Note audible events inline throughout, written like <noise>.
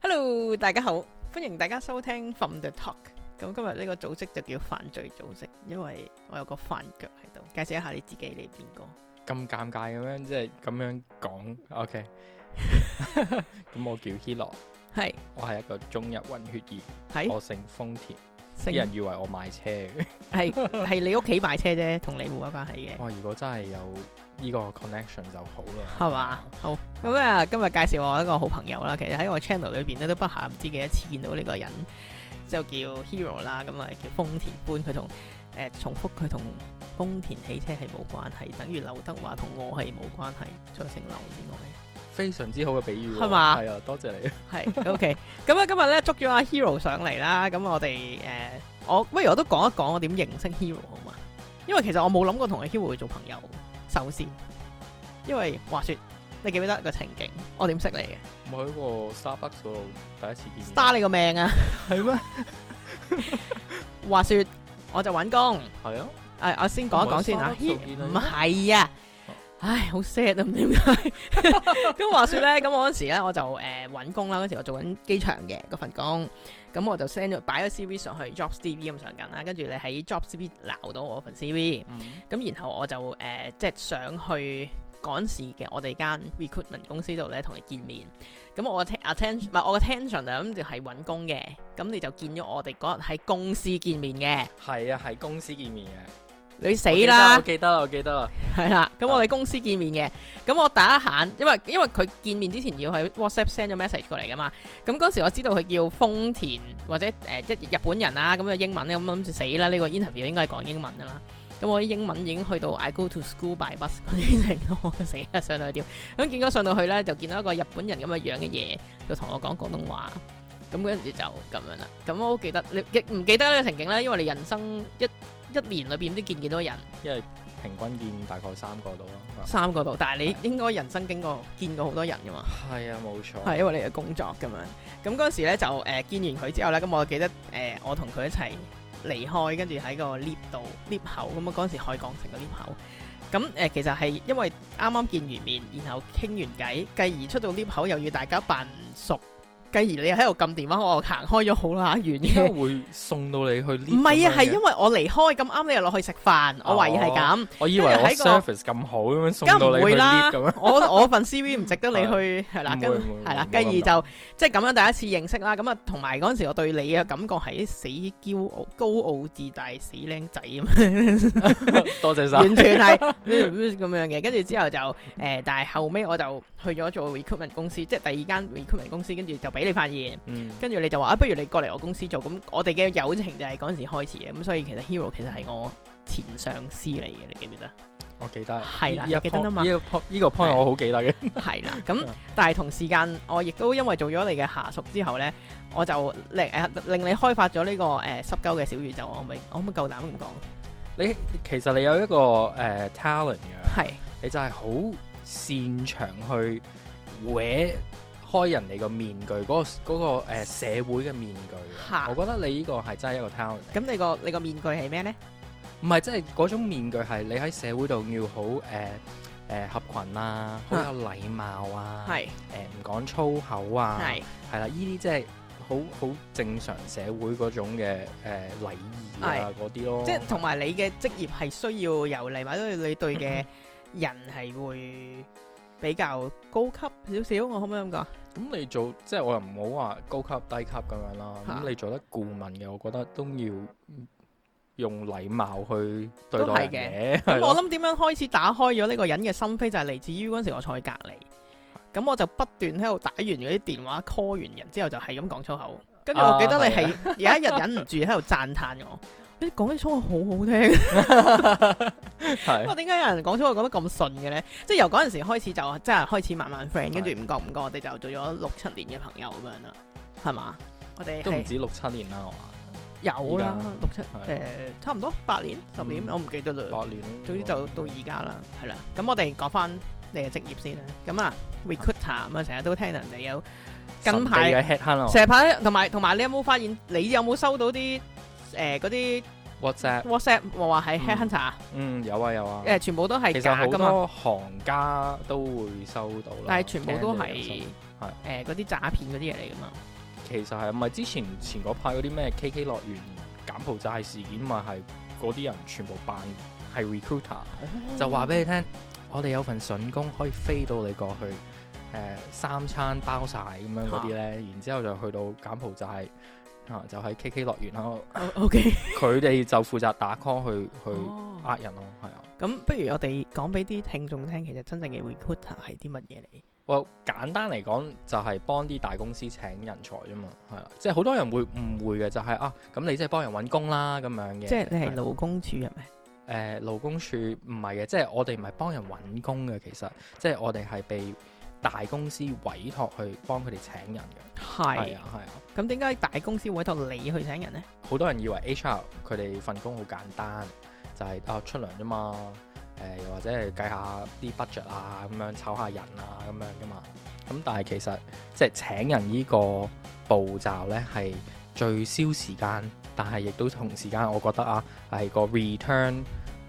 Hello，大家好，歡迎大家收聽《From The Talk》嗯。咁今日呢個組織就叫犯罪組織，因為我有個飯腳喺度。介紹一下你自己，你邊個？咁尷尬咁樣，即係咁樣講。OK，咁 <laughs> <laughs> <laughs> 我叫 Hiroshi 係，是我係一個中日混血兒，是我姓豐田。啲人以為我買車嘅 <laughs> 係你屋企買車啫，同你冇乜關係嘅。哇、哦！如果真係有呢個 connection 就好啦，係嘛吧？嗯、好咁啊！今日介紹我一個好朋友啦，其實喺我 channel 裏邊咧都不下唔知幾多次見到呢個人，就叫 Hiroshi 啦，咁啊叫豐田般」，佢同。誒、呃，重複佢同豐田汽車係冇關係，等於劉德華同我係冇關係，再成流言。非常之好嘅比喻、啊，係嘛吧？係啊，多謝你 <laughs> 係，OK。咁啊，今日咧捉咗阿 Hero 上嚟啦。咁我哋誒，我,、呃、我不如我都講一講我點認識 Hero 好嘛。因為其實我冇諗過同阿 Hero 做朋友。首先，因為話說，你記唔記得個情景？我點識你嘅？唔係喺個沙巴度第一次見。打你個命啊！係咩？話說。我就揾工，係啊，誒、啊，我先講一講先啊，唔係咦啊，啊唉，好 sad 啊，點解？咁 <laughs> <laughs> 話說咧，咁我嗰時咧，我就誒揾、呃、工啦，嗰時我做緊機場嘅嗰份工，咁我就 send 咗擺咗 CV 上去 drop CV 咁上緊啦，跟住你喺 drop CV 鬧到我份 CV，咁然後我就誒、呃、即係想去嗰時嘅我哋間 recruitment 公司度咧同你見面。咁我嘅 attention 唔係我嘅 attention 啊，咁就係揾工嘅。咁你就見咗我哋嗰日喺公司見面嘅。係啊，喺公司見面嘅。你死啦！我記得啦，我記得啦。係啦，咁我哋公司見面嘅。咁我大家行，因為因為佢見面之前要喺 WhatsApp send 咗 message 過嚟噶嘛。咁嗰時我知道佢叫豐田或者誒一日本人啊，咁嘅英文咁諗住死啦，呢個 interview 應該係講英文噶嘛。咁、嗯、我啲英文已經去到 I go to school by bus 嗰啲嘢咯，死 <laughs> 啊上到去、嗯、見到上到去屌！咁結果上到去咧就見到一個日本人咁嘅樣嘅嘢，就同我講廣東話，咁嗰陣時就咁樣啦。咁、嗯嗯、我好記得你唔記,記得呢個情景咧？因為你人生一一年裏邊都見幾多人，因為平均見大概三個度咯，三個度，但係你應該人生經過對 見過好多人噶嘛？係啊，冇錯。係因為你嘅工作咁樣。咁嗰陣時咧就誒、呃、見完佢之後咧，咁我記得誒、呃、我同佢一齊。離開，跟住喺個 lift 度 lift 口，咁啊嗰陣時海港城個 lift 口，咁誒、呃、其實係因為啱啱見完面，然後傾完偈，繼而出到 lift 口，又要大家扮唔熟。繼而你又喺度撳電話，我行開咗好乸遠嘅，會送到你去呢？唔係啊，係因為我離開咁啱，你又落去食飯，我懷疑係咁。我以為我 surface 咁好，咁樣送梗唔會啦，我我份 CV 唔值得你去係啦，係啦，繼而就即係咁樣第一次認識啦。咁啊，同埋嗰陣時我對你嘅感覺係死驕傲、高傲自大、死僆仔啊多謝晒，完全係 news 咁樣嘅。跟住之後就誒，但係後尾我就去咗做 recruitment 公司，即係第二間 recruitment 公司，跟住就。俾你發現，跟住、嗯、你就話啊，不如你過嚟我公司做，咁、嗯嗯、我哋嘅友情就係嗰陣時開始嘅，咁所以其實 Hero 其實係我前上司嚟嘅，你記唔記得？我記得係啦、嗯，依個 point 依個 point 我好記得嘅，係啦。咁但係同時間我亦都因為做咗你嘅下屬之後咧，我就令誒、呃、令你開發咗呢、這個誒濕鳩嘅小宇宙，我唔可唔可以夠膽咁講？你其實你有一個誒 talent 嘅，係你就係好擅長去，去，去開人哋個面具，嗰、那個嗰、那個呃、社會嘅面具，哈我覺得你呢個係真係一個 challenge 咁你個你個面具係咩咧？唔係，即係嗰種面具係你喺社會度要好誒誒、呃呃、合群啊，好、嗯、有禮貌啊，誒唔講粗口啊，係啦是，呢啲即係好好正常社會嗰種嘅誒、呃、禮儀啊，嗰啲的咯。即係同埋你嘅職業係需要有禮貌，都要 <laughs> 你對嘅人係會。 <laughs> 比較高級少少，我可唔可以咁講？咁你做，即係我又唔好話高級低級咁樣啦。咁、啊、你做得顧問嘅，我覺得都要用禮貌去對待嘅。物 <laughs> 我諗點樣開始打開咗呢個人嘅心扉，就係嚟自於嗰陣時我坐喺隔離。咁我就不斷喺度打完嗰啲電話 call 完人之後就，就係咁講粗口。跟住我記得你係有一日忍唔住喺度讚嘆我。啊 <laughs> 你講啲粗口好好聽，係。不過點解有人講粗口講得咁順嘅咧？即係由嗰陣時開始就即係開始慢慢 friend，跟住唔覺唔覺，我哋就做咗六七年嘅朋友咁樣啦，係嘛？我哋都唔止六七年啦，我話。有啦，六七誒，差唔多八年、十年，我唔記得啦。八年，總之就到而家啦，係啦。咁我哋講翻你嘅職業先啦。咁啊，recruiter 咁啊，成日都聽人哋有近排嘅 headhunter 同埋同埋，你有冇發現你有冇收到啲？誒嗰啲、呃、WhatsApp，WhatsApp 話係 headhunter 嗯有啊、嗯、有啊，誒、啊呃、全部都係假噶嘛。其實好多行家都會收到啦，但係全部都係係誒嗰啲詐騙嗰啲嘢嚟噶嘛。其實係唔係之前前嗰派嗰啲咩 KK 樂園柬埔寨事件嘛，係嗰啲人全部扮係 recruiter， <laughs> 就話俾你聽我哋有份筍工可以飛到你過去，誒、呃、三餐包晒咁樣嗰啲咧，啊、然之後就去到柬埔寨。啊、就喺、是、K K 樂園啦。O K，佢哋就負責打 call 去、oh. 去呃人咯，係啊。咁不如我哋講俾啲聽眾聽，其實真正嘅 recruiter 係啲乜嘢嚟？我簡單嚟講，就係、是、幫啲大公司請人才啫嘛。係啦、啊，即係好多人會誤會嘅，就係、是、啊，咁你即係幫人搵工啦咁樣嘅。即係你係勞工處係咩？誒、呃，勞工處唔係嘅，即係我哋唔係幫人搵工嘅，其實即係我哋係被。大公司委託去幫佢哋請人嘅，係啊係啊。咁點解大公司委託你去請人呢？好多人以為 HR 佢哋份工好簡單，就係、是、啊出糧啫嘛。誒、呃、又或者係計下啲 budget 啊，咁樣炒下人啊，咁樣噶嘛。咁但係其實即係、就是、請人呢個步驟呢，係最消時間，但係亦都同時間，我覺得啊係個 return。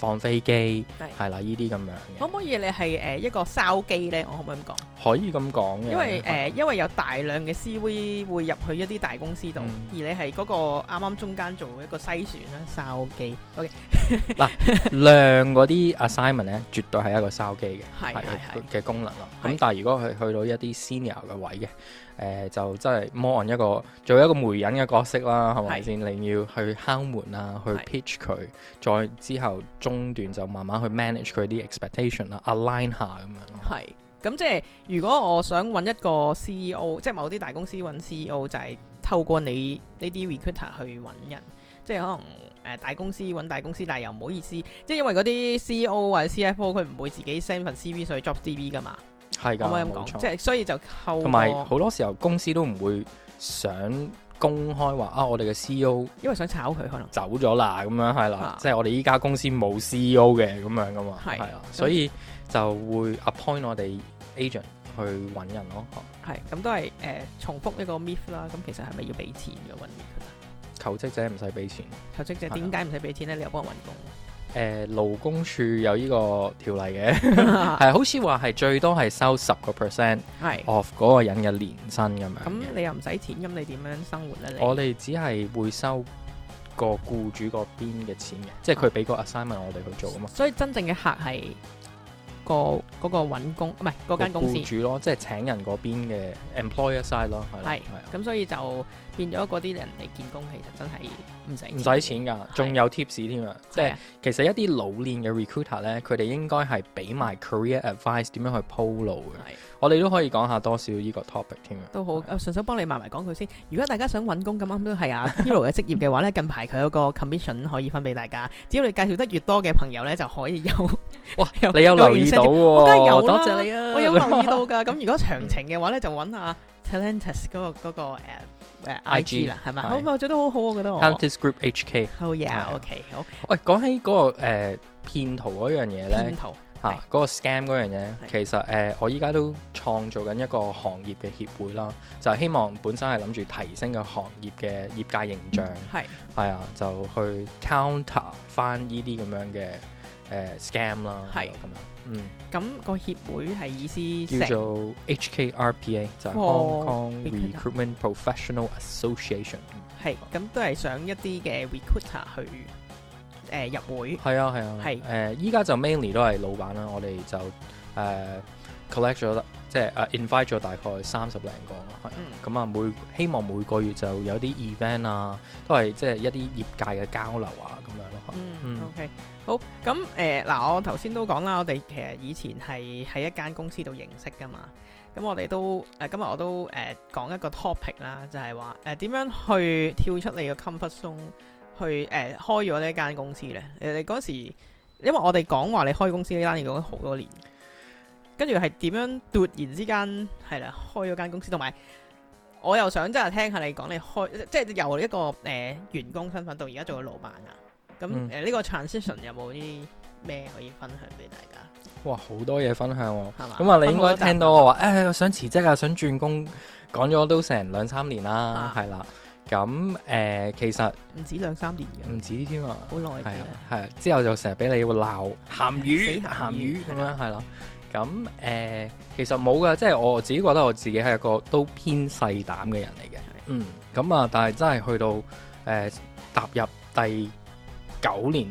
放飛機係啦，呢啲咁樣可唔可以？你係誒一個燒機咧？我可唔可以咁講？可以咁講嘅，因為誒，因為有大量嘅 CV 會入去一啲大公司度，而你係嗰個啱啱中間做一個篩選啦，燒機。OK，嗱量嗰啲 assignment 咧，絕對係一個燒機嘅係係嘅功能咯。咁但係如果佢去到一啲 senior 嘅位嘅。誒、呃、就真係 more on 一個做一個媒人嘅角色啦，係咪先？你要去敲門啊，去 pitch 佢，是再之後中段就慢慢去 manage 佢啲 expectation 啦、嗯、align 下咁樣。係，咁即係如果我想揾一個 CEO，即係某啲大公司揾 CEO，就係透過你呢啲 recruiter 去揾人，即係可能誒、呃、大公司揾大公司，但係又唔好意思，即係因為嗰啲 CEO 或者 CFO 佢唔會自己 send 份 CV 上去 JobsDB 噶嘛。係噶，我咁講，錯即係所以就溝同埋好多時候公司都唔會想公開話啊，我哋嘅 CEO 因為想炒佢可能走咗啦、啊，咁樣係啦，啊、即係我哋依家公司冇 CEO 嘅咁樣㗎嘛，係啊的，的所以就會 appoint 我哋 agent 去揾人咯、啊。係咁、嗯、都係誒、呃、重複一個 myth 啦。咁其實係咪要俾錢嘅揾人、啊？求職者唔使俾錢。求職者點解唔使俾錢咧？你有幫我揾工。誒，勞、uh, 工處有呢個條例嘅，係 <laughs> <laughs> 好似話係最多係收十個 percent，係 off 嗰、嗯、個人嘅年薪咁樣。咁你又唔使錢，咁你點樣生活咧？ <music> 我哋只係會收個僱主嗰邊嘅錢嘅，啊、即係佢俾個 assignment 我哋去做啊嘛。所以真正嘅客係個嗰、嗯、個揾工唔係嗰間公司主咯，即係請人嗰邊嘅 employer side 咯，係係咁所以就。變咗嗰啲人嚟見工，其實真係唔使唔使錢㗎，仲有 tips 添啊！即係其實一啲老練嘅 recruiter 咧，佢哋應該係俾埋 career advice 點樣去鋪路嘅。我哋都可以講下多少呢個 topic 添啊！都好，順手幫你埋埋講佢先。如果大家想揾工咁啱都係啊，Hiroshi 嘅職業嘅話咧，近排佢有個 commission 可以分俾大家，只要你介紹得越多嘅朋友咧，就可以有哇！你有留意到喎？多謝你啊！我有留意到㗎。咁如果詳情嘅話咧，就揾下 Talentus 嗰個誒 I G 啦，係嘛嗎？咁啊做得好好，我覺得我。Talentus Group H K。好呀，OK，OK。喂，講起嗰、那個誒騙徒嗰樣嘢咧，騙徒嚇嗰個 scam 嗰樣嘢，是其實誒、呃、我依家都創造緊一個行業嘅協會啦，就係、是、希望本身係諗住提升個行業嘅業界形象，係係是是啊，就去 counter 翻呢啲咁樣嘅。誒、呃、scam 啦，係咁是樣，嗯，咁個協會係意思叫做 HKRPA，就係、哦、Hong Kong Recruitment Professional Association、嗯。係，咁都係想一啲嘅 recruiter 去誒、呃、入會，係啊，係啊，係誒依家就 mainly 都係老闆啦，我哋就誒、呃、collect 咗，即係誒、uh, invite 咗大概三十零個個。係，咁、嗯、啊每希望每個月就有啲 event 啊，都係即係一啲業界嘅交流啊咁樣。嗯，嗯，OK，好，咁誒，嗱、呃，我頭先都講啦，我哋其實以前係喺一間公司度認識噶嘛，咁我哋都誒、呃，今日我都誒講一個 topic 啦，就係話誒點樣去跳出你個 comfort zone 去誒、呃、開咗呢一間公司咧、呃？你嗰時，因為我哋講話你開公司呢單嘢講咗好多年，跟住係點樣突然之間係啦開咗間公司，同埋我又想真係聽下你講你開，即係由一個誒、呃、員工身份到而家做咗老闆啊，咁誒呢個 transition 有冇啲咩可以分享俾大家？哇，好多嘢分享喎！咁啊，你應該聽到我話誒，想辭職啊，想轉工，講咗都成兩三年啦，係啦。咁誒，其實唔止兩三年嘅，唔止添啊，好耐嘅。係啊，之後就成日俾你要鬧鹹魚鹹魚咁樣係啦。咁誒，其實冇㗎，即係我自己覺得我自己係一個都偏細膽嘅人嚟嘅。嗯。咁啊，但係真係去到誒踏入第。九年，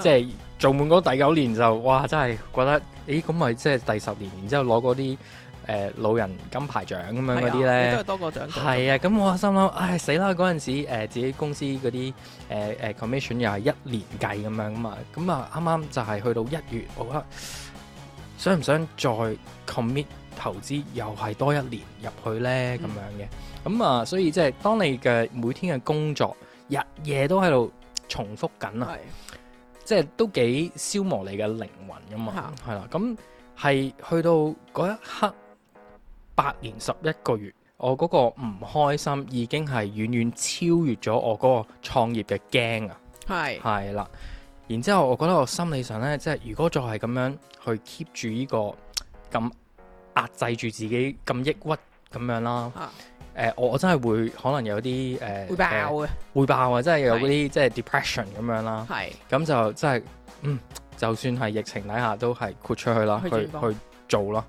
即係做滿嗰第九年就哇，真係覺得，咦，咁咪即係第十年，然之後攞嗰啲誒老人金牌獎咁樣嗰啲咧，多個獎，係啊，咁、啊、我心諗，唉死啦！嗰陣時誒、呃、自己公司嗰啲誒誒、呃呃、commission 又係一年計咁樣咁啊，咁啊啱啱就係去到一月，我覺得，想唔想再 commit 投資又係多一年入去咧咁、嗯、樣嘅，咁啊，所以即係當你嘅每天嘅工作日夜都喺度。重複緊啊，的即係都幾消磨你嘅靈魂噶嘛，係啦的。咁係去到嗰一刻，八年十一個月，我嗰個唔開心已經係遠遠超越咗我嗰個創業嘅驚啊，係係啦。然之後，我覺得我心理上呢，即係如果再係咁樣去 keep 住呢個咁壓制住自己咁抑鬱咁樣啦。誒、呃，我我真係會可能有啲誒，會、呃、爆啊、呃，會爆啊，真係有嗰啲對 即係 depression 咁樣啦。係對，咁就真係，嗯，就算係疫情底下都係豁出去啦，去轉去，去做咯。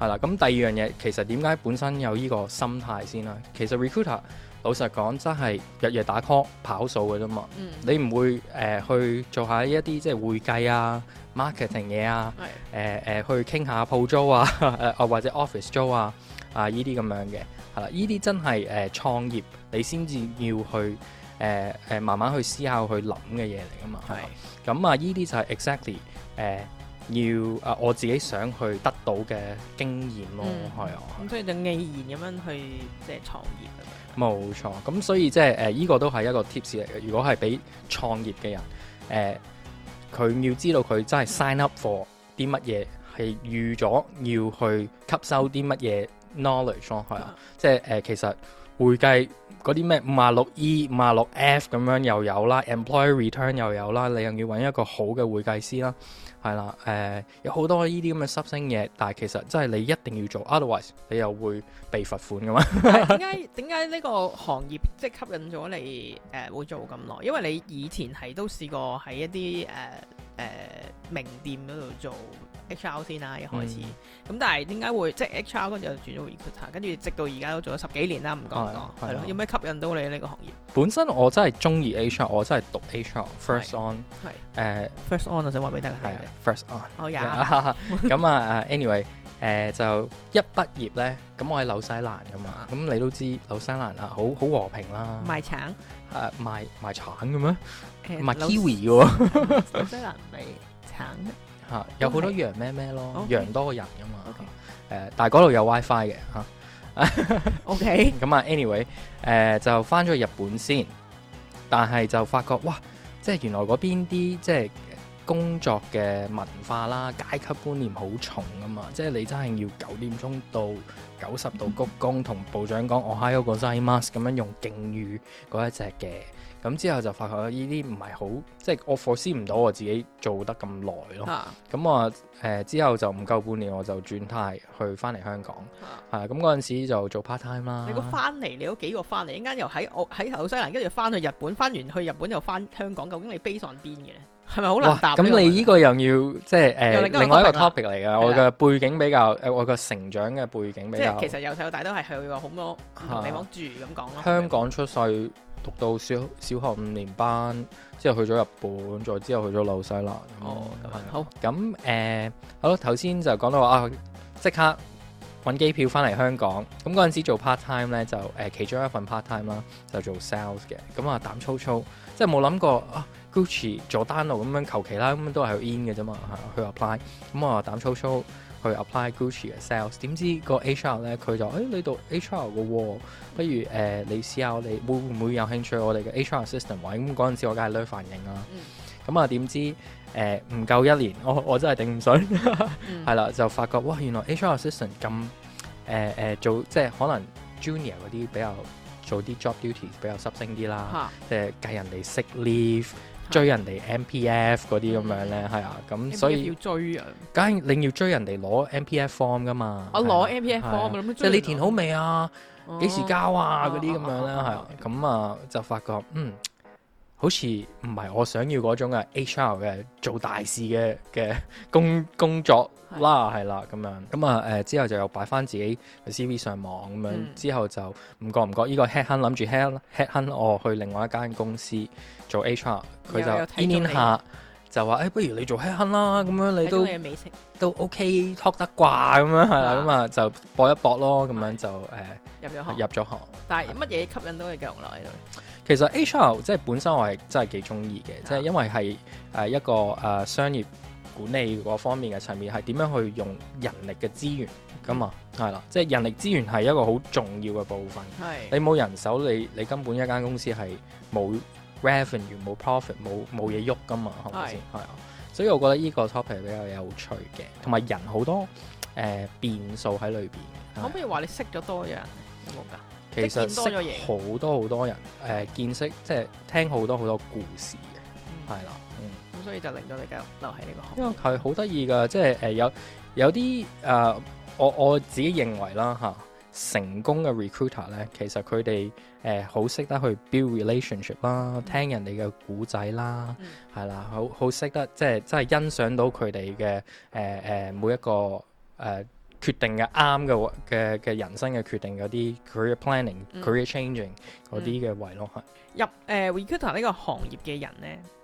係啦，咁、嗯嗯嗯、第二樣嘢其實點解本身有呢個心態先啦？其實 recruiter 老實講真係日夜打 call 跑數嘅啫嘛。嗯、你唔會誒、呃、去做下一啲即係會計啊、marketing 嘢啊，係誒、嗯啊、去傾下鋪、啊、租啊，誒或者 office 租啊啊依啲咁樣嘅。係啦，呢啲真係誒、呃、創業，你先至要去誒誒、呃呃、慢慢去思考去諗嘅嘢嚟㗎嘛。係對，咁啊呢啲就係 exactly 誒、呃、要啊、呃、我自己想去得到嘅經驗咯。係啊、嗯。咁所以就毅然咁樣去即係創業。冇錯。咁所以即係誒呢個都係一個 tips 嚟嘅。如果係俾創業嘅人誒，佢、呃、要知道佢真係 sign up for 啲乜嘢，係預咗要去吸收啲乜嘢。knowledge 係、right? 啊， <music> 即係誒、呃、其實會計嗰啲咩五啊六 E 五啊六 F 咁樣又有啦，employer return 又有啦，你又要揾一個好嘅會計師啦，係啦，誒、呃、有好多呢啲咁嘅濕星嘢，但係其實真係你一定要做，otherwise 你又會被罰款㗎嘛。點解點解呢個行業即係吸引咗你誒、呃、會做咁耐？因為你以前係都試過喺一啲誒誒名店嗰度做。H R 先啦，一開始，咁但係點解會即係 H R 跟住轉咗 r 跟住直到而家都做咗十幾年啦，唔講唔講，係咯，有咩吸引到你呢個行業？本身我真係中意 H R，我真係讀 H R，first on，係，誒，first on 我想話俾大家聽，first on，我廿，咁啊，anyway，誒，就一畢業咧，咁我喺紐西蘭噶嘛，咁你都知紐西蘭啊，好好和平啦，賣橙，誒，賣賣橙嘅咩？賣 kiwi，紐西蘭賣橙。有好多羊咩咩咯，Okay. 羊多過人噶嘛。誒 Okay.、呃，但係嗰度有 WiFi 嘅嚇。 <laughs> OK，咁啊，anyway，誒、呃、就翻咗日本先，但係就發覺哇，即係原來嗰邊啲即係工作嘅文化啦、階級觀念好重啊嘛，即係你真係要九點鐘到九十度鞠躬，同 <laughs> 部長講 Ohayo gozaimasu 咁樣用敬語嗰一隻嘅。咁之後就發覺呢啲唔係好，即係我 force 唔到我自己做得咁耐咯。咁、啊、我誒、呃、之後就唔夠半年，我就轉態去翻嚟香港。係咁嗰陣時就做 part time 啦。你個翻嚟，你嗰幾個翻嚟，一家又喺我喺紐西蘭跟住翻去日本，翻完去日本又翻香港，究竟你悲上邊嘅咧？係咪好難答哇？咁你呢個又要即係誒、呃、另外一個 topic 嚟㗎？的我嘅背景比較誒，我嘅成長嘅背景比較，呃、比較即係其實由細到大都係去過好多唔同地方住咁講咯。啊、香港出世。讀到小小學五年班之後去咗日本，再之後去咗紐西蘭。哦，咁、uh, 好咁誒，好啦，頭先就講到話啊，即刻搵機票翻嚟香港。咁嗰陣時做 part time 咧，就誒、uh, 其中一份 part time 啦，就做 sales 嘅。咁我膽粗粗，即係冇諗過啊，Gucci、佐丹奴，咁樣求其啦，咁都係 in 嘅啫嘛，嚇去 apply。咁我膽粗粗。去 apply Gucci 嘅 sales，點知個 HR 咧，佢就誒、哎，你讀 HR 嘅喎、哦，不如誒、呃，你試下我哋會唔會，會有興趣我哋嘅 HR assistant 位？咁陣時我梗係女反應啦。咁啊，點知誒唔夠一年，我我真係頂唔順，係啦 <laughs> 就發覺哇原來 HR assistant 咁誒誒做即係可能 junior 嗰啲比較做啲 job duty 比較濕星啲啦，哈即係計人哋 sick leave。追人哋 MPF 嗰啲咁樣咧，係啊，咁所以要追人，梗係你要追人哋攞 MPF form 噶嘛，我攞 MPF form 啊，咁即係你填好未啊？幾時交啊？嗰啲咁樣咧，係啊，咁啊就發覺嗯，好似唔係我想要嗰種嘅，HR 嘅做大事嘅嘅工工作啦，係啦，咁樣咁啊誒，之後就又擺翻自己去 CV 上網咁樣，之後就唔覺唔覺呢個 head hunt 諗住 head head hunt 我去另外一間公司做 HR，佢就面面下就話誒，不如你做 head hunt 啦，咁樣你都都 OK，托得啩，咁樣係啦，咁啊就搏一搏咯，咁樣就誒入咗行入咗行，但係乜嘢吸引到你繼續留喺度？其實 HR 即係本身我係真係幾中意嘅，即係的因為係誒、呃、一個誒、呃、商業管理嗰方面嘅層面，係點樣去用人力嘅資源㗎嘛？係啦、嗯嗯，即係人力資源係一個好重要嘅部分。係的你冇人手，你你根本一間公司係冇 revenue、冇 profit、冇冇嘢喐㗎嘛？係係啊，所以我覺得呢個 topic 比較有趣嘅，同埋人好多誒、呃、變數喺裏邊。可唔可以話你識咗多人？有冇㗎？其實識咗好多好多人，誒、 <noise> 呃、見識即係聽好多好多故事嘅，係啦、嗯，嗯。咁、嗯、所以就令到你繼續留喺呢個行。因為佢好得意㗎，即係誒、呃、有有啲誒、呃，我我自己認為啦嚇、啊，成功嘅 recruiter 咧，其實佢哋誒好識得去 build relationship 啦，聽人哋嘅故仔啦，係啦、嗯，好好識得即係真係欣賞到佢哋嘅誒誒每一個誒。呃決定嘅啱嘅嘅嘅人生嘅決定嗰啲 career planning career changing 嗰啲嘅位咯，入誒 recruiter 呢個行業嘅人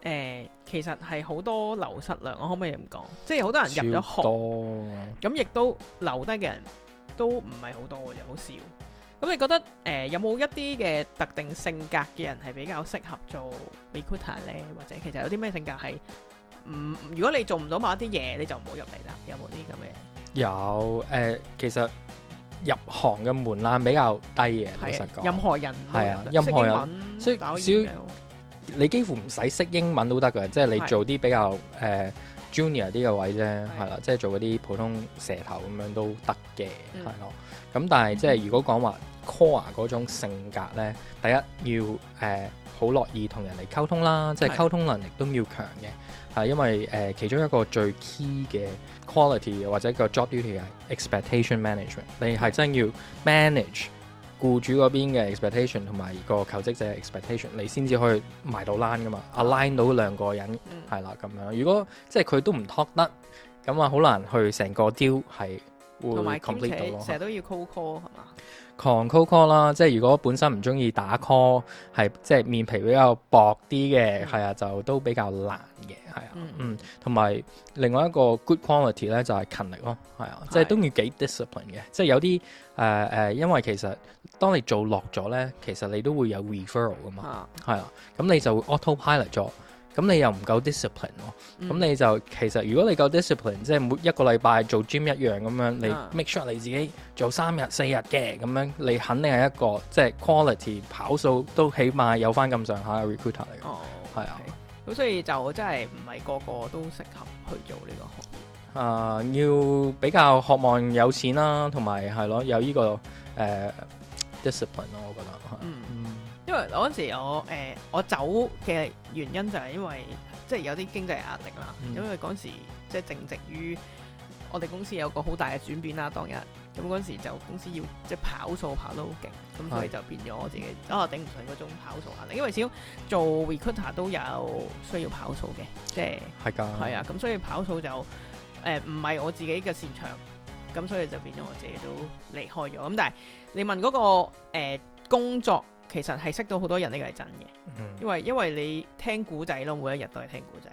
咧，誒其實係好多流失量，我可唔可以唔講？即係好多人入咗行，咁亦都留得留低嘅人都唔係好多嘅，好少。咁你覺得誒有冇一啲嘅特定性格嘅人係比較適合做 recruiter 咧？或者其實有啲咩性格係唔如果你做唔到某一啲嘢，你就唔好入嚟啦？有冇啲咁嘅？有誒、呃，其實入行嘅門檻比較低嘅，老的實講。任何人係啊，的任何人，所以少你幾乎唔使識英文都得㗎，即係你做啲比較誒。的 Junior 呢個位啫，係啦的，即係做嗰啲普通蛇頭咁樣都得嘅，係咯、嗯。咁但係即係如果講話 Core 嗰種性格咧，第一要誒好樂意同人嚟溝通啦，的即係溝通能力都要強嘅，係、呃、因為誒、呃、其中一個最 key 嘅 quality 或者個 job duty 係 expectation management，你係真要 manage。雇主邊嘅 expectation 同埋個求職者 expectation、嗯、你先至可以埋到 line 噶嘛，align 到兩個人係啦。咁樣如果即係佢都唔 talk 得咁，啊好難去個成個 deal 係會 complete 到咯，成日都要 call call 係咪？狂 call call 啦，即係如果本身唔中意打 call，係即係面皮比較薄啲嘅，係啊、mm.，就都比較難嘅，係啊。Mm. 嗯，同埋另外一個 good quality 咧，就係、是、勤力咯，係啊，mm. 即係都要幾 discipline 嘅，即係有啲誒誒，因為其實當你做落咗咧，其實你都會有 referral 㗎嘛，係啊、mm.，咁你就會 auto pilot 咗。咁你又唔夠 discipline 咯、嗯？咁你就其實，如果你夠 discipline，即係每一個禮拜做 gym 一樣咁樣，你 make sure 你自己做三日四日嘅咁樣，你肯定係一個即係、即係、quality 跑數都起碼有翻咁上下嘅 recruiter 嚟嘅。哦，係、okay. 啊。咁所以就真係唔係個個都適合去做呢個行業。啊、呃，要比較渴望有錢啦，同埋係咯，有呢、呢個誒 discipline 咯，呃、dis ine，我覺得。啊、嗯。我嗰時我誒、呃、我走嘅原因就係因為即係有啲經濟壓力啦，嗯、因為嗰時即係正值於我哋公司有個好大嘅轉變啦。當日咁嗰時就公司要即係跑數跑得好勁，咁所以就變咗我自己、嗯、啊頂唔順嗰種跑數壓力。因為始終做 recruiter 都有需要跑數嘅，即係係噶係啊。咁所以跑數就誒唔係我自己嘅擅長，咁所以就變咗我自己都離開咗。咁但係你問嗰、嗰個、誒、呃、工作，其實係識到好多人呢個係真嘅，因為因為你聽古仔咯，每一日都係聽古仔，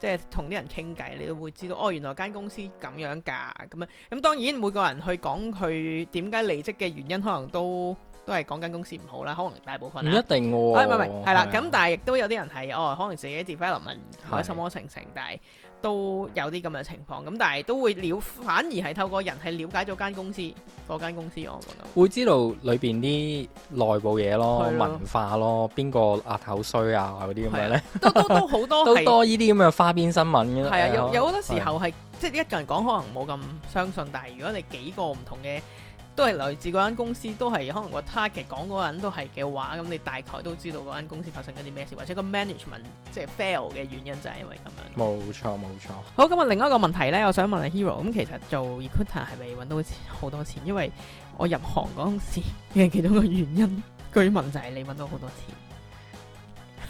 即係同啲人傾偈，你都會知道哦，原來間公司咁樣㗎，咁樣，咁當然每個人去講佢點解離職嘅原因，可能都都係講間公司唔好啦，可能大部分唔一定喎，唔係唔係啦，咁但係亦都有啲人係哦，可能自己 department 問開心魔情、嗯嗯、但係。都有啲咁嘅情況，咁但係都會了，反而係透過人係了解咗間公司，嗰間公司我覺得會，會知道裏邊啲內部嘢咯，對咯文化咯，邊個額頭衰啊嗰啲咁嘅咧，都都都好多都多呢啲咁嘅花邊新聞嘅。係啊，有有好多時候係即係一個人講，可能冇咁相信，咯但係如果你幾個唔同嘅。都係來自嗰間公司，都係可能個 target 講嗰人都係嘅話，咁你大概都知道嗰間公司發生緊啲咩事，或者個 management 即係 fail 嘅原因就係因為咁樣。冇錯，冇錯。好，咁啊，另外一個問題咧，我想問下 Hero，咁其實做 equator 係咪揾到好多錢？因為我入行嗰陣時嘅其中個原因，據聞就係你揾到好多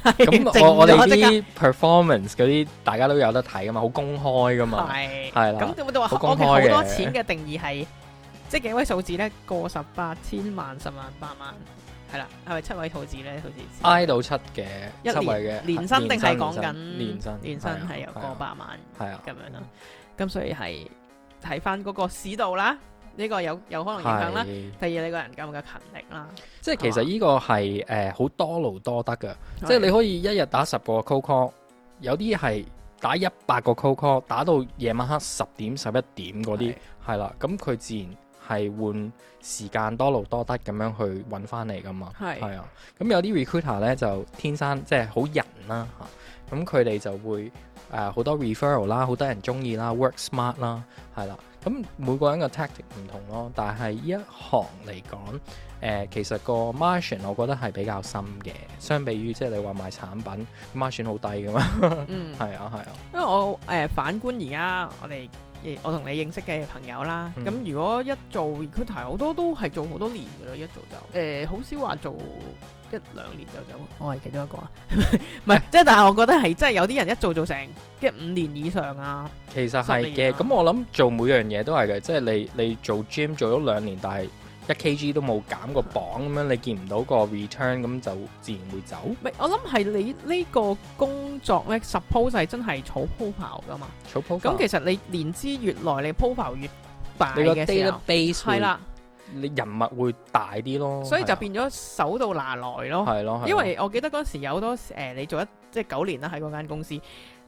錢。咁 <laughs> 我 <laughs> 我哋啲 performance 嗰啲，大家都有得睇㗎嘛，好公開㗎嘛。係是。係啦了。咁點解我話我好多錢嘅定義係？即係幾位數字咧？過十八千萬、十萬、百萬，係啦，係咪七位數字咧？好似挨到七嘅，一年，嘅年薪定係講緊年薪？年薪係有過百萬，係啊咁樣咯。咁所以係睇返嗰個市道啦，呢個有有可能影響啦。第二你個人咁嘅勤力啦。即係其實呢個係誒好多勞多得㗎。即係你可以一日打十個 cold call 有啲係打一百個 cold call 打到夜晚黑十點十一點嗰啲，係啦。咁佢自然。係換時間多勞多得咁樣去揾翻嚟噶嘛，係是啊，咁有啲 recruiter 咧就天生即係好人啦嚇，咁佢哋就會誒好、呃、多 referral 啦，好多人中意啦，work smart 啦、啊，係啦、啊，咁每個人嘅 tactic 唔同咯，但係呢一行嚟講，誒、呃、其實個 margin 我覺得係比較深嘅，相比於即係你話賣產品 margin 好低噶嘛，係啊係啊，啊因為我誒、呃、反觀而家我哋。我同你認識嘅朋友啦，咁、嗯、如果一做佢 u 好多都係做好多年噶啦，一做就誒好、呃、少話做一兩年就走。我、哦、係其中一個啊，唔係，即係但係我覺得係即係有啲人一做做成即係五年以上啊。其實係嘅，咁、啊、我諗做每樣嘢都係嘅，即係你你做 gym 做咗兩年，但係。一 kg 都冇減個磅咁樣，你見唔到個 return 咁就自然會走。唔係，我諗係你呢個工作咧，suppose 係真係儲鋪頭噶嘛？儲鋪頭。咁其實你年資越耐，你鋪頭越大嘅時候，你個 database，係啦，你人物會大啲咯。所以就變咗手到拿來咯。係咯。因為我記得嗰陣時有好多誒，你做一即係九年啦，喺嗰間公司。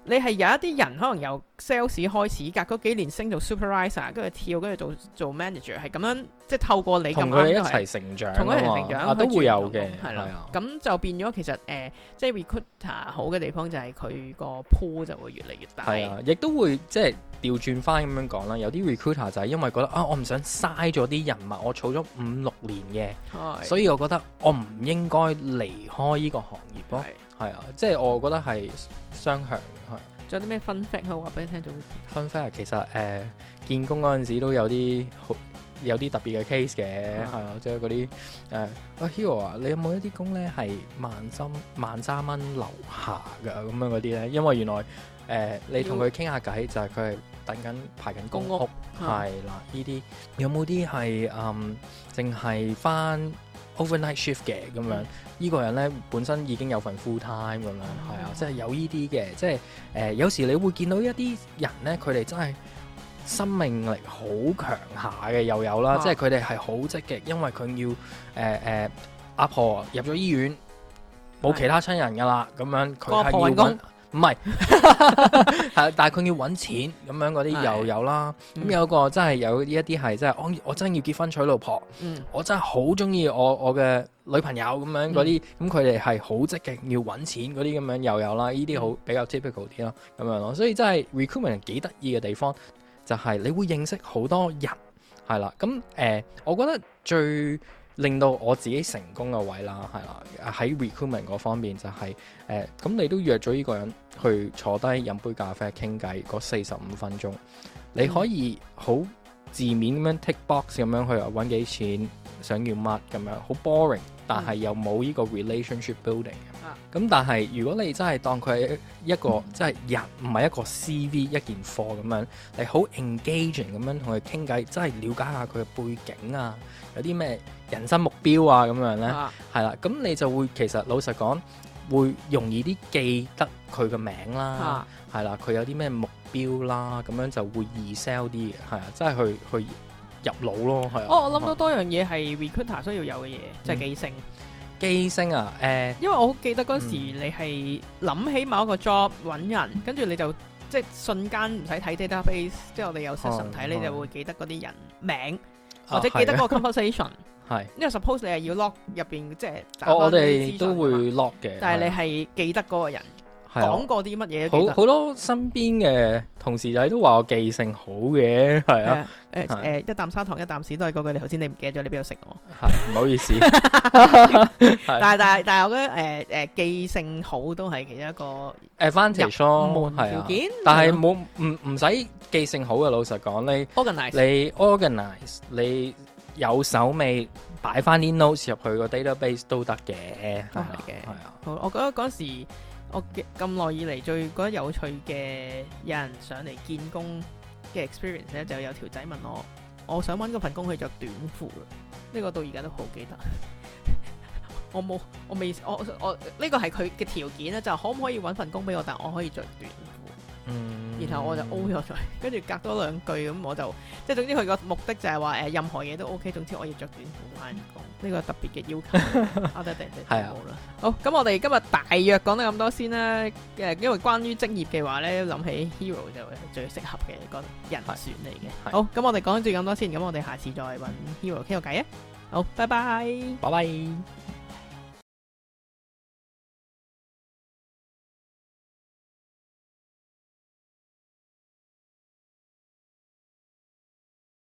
你係有一啲人可能由 sales 開始，隔嗰幾年升到 supervisor，跟住跳，跟住做做 manager，係咁樣即係透過你咁樣同佢哋一齊成長，同佢哋一齊成長都會有嘅，係啦。咁就變咗其實誒，即係 recruiter 好嘅地方就係佢個 pool 就會越嚟越大，係啊，亦都會即係調轉翻咁樣講啦。有啲 recruiter 就係因為覺得啊，我唔想嘥咗啲人物，我儲咗五六年嘅，所以我覺得我唔應該離開呢個行業咯。係啊，即係我覺得係雙向，係、啊。仲有啲咩 fun fact 話俾你聽，總？fun fact 其實誒、呃、見工嗰陣時都有啲好，有啲特別嘅 case 嘅，係啊，即係嗰啲誒啊 Hero 啊，就是呃、啊 Hero, 你有冇一啲工咧係萬三萬三蚊樓下嘅咁樣嗰啲咧？因為原來誒、呃、你同佢傾下偈，要就係佢係等緊排緊公,公屋，係啦屋，呢啲、啊啊、有冇啲係誒淨係返？嗯 overnight shift 嘅咁樣，呢、嗯、個人咧本身已經有份 full time 咁樣，係啊、嗯，即係有呢啲嘅，即係誒、呃、有時你會見到一啲人咧，佢哋真係生命力好強下嘅又有啦，哇即係佢哋係好積極，因為佢要誒誒阿婆入咗醫院，冇其他親人噶啦，咁的樣佢係要。婆婆唔係，係不 <laughs> <laughs> 但係佢要揾錢咁樣嗰啲又有啦。咁的有個、嗯、真係有呢一啲係，真係我真係要結婚娶老婆，嗯、我真係好中意我我嘅女朋友咁樣嗰啲。咁佢哋係好積極要揾錢嗰啲咁樣又有啦。呢啲好比較 typical 啲咯，咁樣咯。所以真係 recruitment 幾得意嘅地方就係、是、你會認識好多人係啦。咁誒、呃，我覺得最。令到我自己成功嘅位啦，係啦，喺 recruitment 嗰方面就係、是、誒，咁、呃、你都約咗呢個人去坐低飲杯咖啡傾偈嗰四十五分鐘，你可以好字面咁樣 take box 咁樣去揾幾錢，想要乜咁樣，好 boring，但係又冇呢個 relationship building。啊！咁、嗯、但係如果你真係當佢係一個、嗯、即係人，唔係一個 CV 一件貨咁樣，你好 engaging 咁樣同佢傾偈，真係了解下佢嘅背景啊，有啲咩人生目標啊咁樣咧，係啦、啊，咁你就會其實老實講會容易啲記得佢嘅名啦，係啦、啊，佢有啲咩目標啦，咁樣就會易 sell 啲嘅，係啊，即係去去入腦咯，係啊。哦，我諗到多樣嘢係 recruiter 需要有嘅嘢，即係記性。記性啊！誒、uh,，因為我好記得嗰時你係諗起某一個 job 揾人，跟住你就即係瞬間唔使睇 database，即係我哋有 search 睇、嗯，嗯、你就會記得嗰啲人名，啊、或者記得嗰個 conversation、啊。係，因為 suppose <laughs> 是你係要 log 入邊，即係、哦、我哋都會 log 嘅。但係你係記得嗰個人。嗯講過啲乜嘢？好，好多身邊嘅同事仔都話我記性好嘅，係啊，誒，誒，一啖砂糖一啖屎都係嗰句。你頭先你唔記得咗，你邊度食我？係，唔好意思。係，但係但係但係我覺得誒誒記性好都係其中一個誒 fanschool 條件。但係冇唔唔使記性好嘅老實講咧，organize 你 organize 你有手尾擺翻啲 notes 入去個 database 都得嘅，都係嘅。係啊，好，我覺得嗰時。我咁耐以嚟最覺得有趣嘅有人上嚟見工嘅 experience 咧，就有條仔問我，我想揾份工去着短褲，呢個到而家都好記得。 <laughs> 我冇，我未，我我呢個係佢嘅條件咧，就係，可唔可以揾份工俾我，但我可以着短。然後我就 O 咗佢，跟住隔多兩句咁我就即係總之佢個目的就係話誒任何嘢都 OK，總之我要着短褲返工呢個特別嘅要求。係啊， <laughs> <laughs> <laughs> 好咁、嗯、我哋今日大約講得咁多先啦。誒，因為關於職業嘅話咧，諗起 Hero 就係最適合嘅一個人選嚟嘅、嗯。好，咁我哋講完咁多先，咁我哋下次再揾 Hero 傾個偈啊。好，拜拜，拜拜。